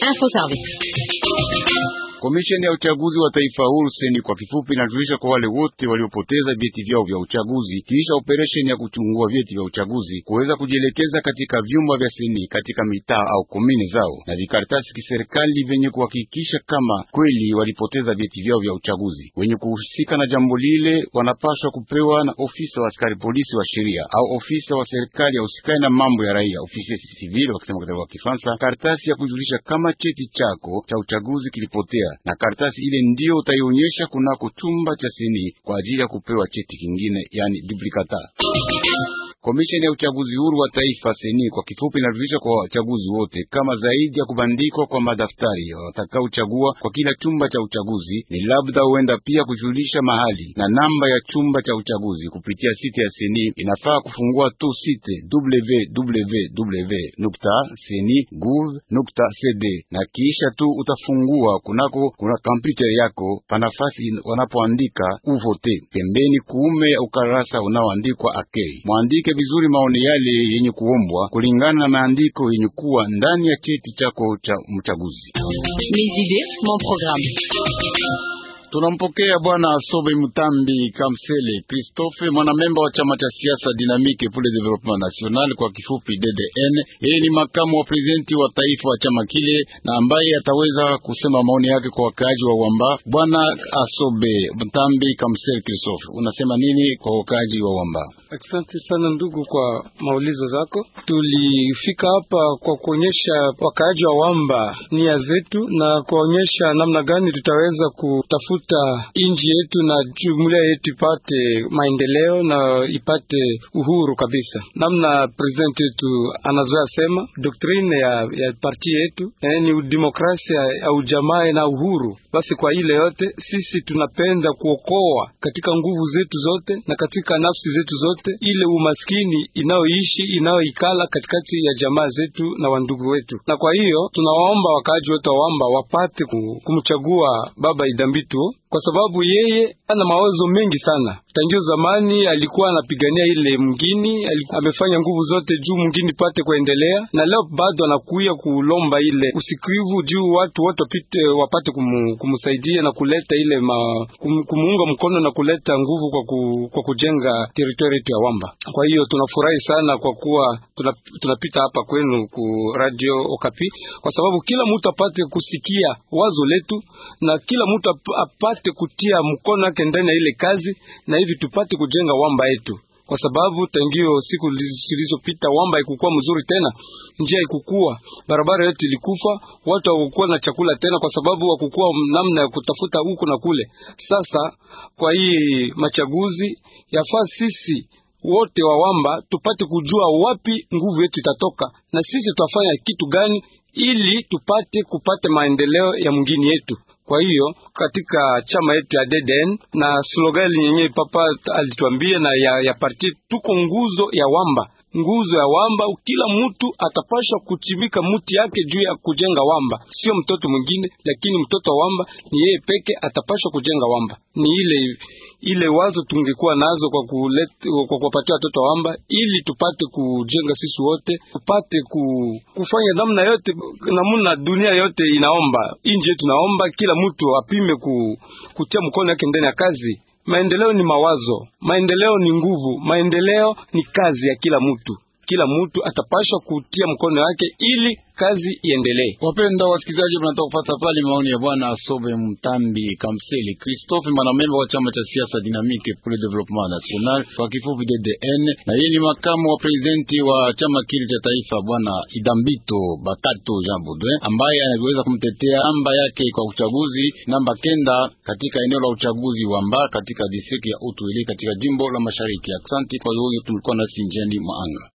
Info service. Komisheni ya uchaguzi wa taifa huru seni kwa kifupi inajulisha kwa wale wote waliopoteza vyeti vyao vya uchaguzi kisha operesheni ya kuchungua vyeti vya uchaguzi kuweza kujielekeza katika vyumba vya seni katika mitaa au komini zao na vikaratasi kiserikali vyenye kuhakikisha kama kweli walipoteza vyeti vyao vya uchaguzi. Wenye kuhusika na jambo lile wanapaswa kupewa na ofisa wa askari polisi wa sheria au ofisa wa serikali ya usikani na mambo ya raia, ofisi civil wakisema kwa Kifaransa, karatasi ya kujulisha kama cheti chako cha uchaguzi kilipotea kuendelea na karatasi ile ndiyo utaionyesha kunako chumba cha seni kwa ajili ya kupewa cheti kingine, yani duplicata Komisheni ya uchaguzi huru wa taifa seni kwa kifupi inajulisha kwa wachaguzi wote kama zaidi ya kubandikwa kwa madaftari watakaochagua kwa kila chumba cha uchaguzi ni labda huenda pia kujulisha mahali na namba ya chumba cha uchaguzi kupitia site ya seni. Inafaa kufungua tu site www.seni.gov.cd na kisha tu utafungua kunako kuna kompyuta yako panafasi wanapoandika uvote pembeni kuume ya ukarasa unaoandikwa akei mwandike uandike vizuri maoni yale yenye kuombwa kulingana na maandiko yenye kuwa ndani ya cheti chako cha mchaguzi. Tunampokea bwana Asobe Mutambi Kamsele Christophe, mwanamemba wa chama cha siasa Dynamique pour le Développement National, kwa kifupi DDN. Yeye ni makamu wa prezidenti wa taifa wa chama kile na ambaye ataweza kusema maoni yake kwa wakaaji wa Wamba. Bwana Asobe Mutambi Kamsele Christophe, unasema nini kwa wakaaji wa Wamba? Asante sana ndugu kwa maulizo zako. Tulifika hapa kwa kuonyesha wakaaji wa Wamba nia zetu na kuonyesha namna gani tutaweza kutafuta nchi yetu na jumuiya yetu ipate maendeleo na ipate uhuru kabisa, namna president yetu anazoea sema doktrine ya, ya parti yetu eh, ni demokrasia ya ujamaa na uhuru. Basi kwa ile yote sisi tunapenda kuokoa katika nguvu zetu zote na katika nafsi zetu zote yote ile umaskini inayoishi inayoikala katikati ya jamaa zetu na wandugu wetu. Na kwa hiyo tunawaomba wakaaji wote waomba wapate kumchagua Baba Idambitu kwa sababu yeye ana mawazo mengi sana. tangio zamani alikuwa anapigania ile mgini, amefanya nguvu zote juu mgini pate kuendelea, na leo bado anakuya kulomba ile usikivu juu watu wote wapite wapate kumu, kumusaidia na kuleta ile ma, kum, kumuunga mkono na kuleta nguvu kwa, ku, kwa kujenga teritori ya Wamba. Kwa hiyo tunafurahi sana kwa kuwa tunapita hapa kwenu ku Radio Okapi, kwa sababu kila mtu apate kusikia wazo letu na kila mtu apate kutia mkono wake ndani ya ile kazi, na hivi tupate kujenga Wamba yetu kwa sababu tangio siku zilizopita wamba ikukuwa mzuri tena, njia ikukuwa, barabara yote ilikufa, watu hawakuwa na chakula tena, kwa sababu hakukuwa namna ya kutafuta huku na kule. Sasa kwa hii machaguzi yafaa sisi wote wa wamba tupate kujua wapi nguvu yetu itatoka na sisi tutafanya kitu gani ili tupate kupata maendeleo ya mwingine yetu. Kwa hiyo katika chama yetu ya DDN na slogan yenye papa alituambia na ya, ya parti tuko nguzo ya wamba nguzo ya wamba, kila mtu atapasha kuchimika muti yake juu ya kujenga wamba, sio mtoto mwingine, lakini mtoto wa wamba ni yeye peke atapashwa kujenga wamba. Ni ile ile wazo tungekuwa nazo kwa kuleta kwa kuwapatia watoto wamba, ili tupate kujenga sisi wote, tupate ku, kufanya namna yote namna dunia yote inaomba, nchi yetu naomba kila mtu apime ku, kutia mkono yake ndani ya kazi. Maendeleo ni mawazo, maendeleo ni nguvu, maendeleo ni kazi ya kila mtu kila mtu atapashwa kutia mkono wake ili kazi iendelee. Wapenda wasikilizaji, mnataka kupata pale maoni ya bwana Asobe Mtambi Kamseli Christophe, mwanamemba wa chama cha siasa Dynamique pour le Développement National kwa kifupi DDN, na yeye ni makamu wa presidenti wa chama kile cha taifa bwana Idambito Bakato Jean Baudouin, ambaye anaweza kumtetea namba yake kwa uchaguzi namba kenda katika eneo la uchaguzi wa Mba katika distrikti ya Utuili katika jimbo la Mashariki. Asante kwa yote, tulikuwa na Sinjendi Maanga.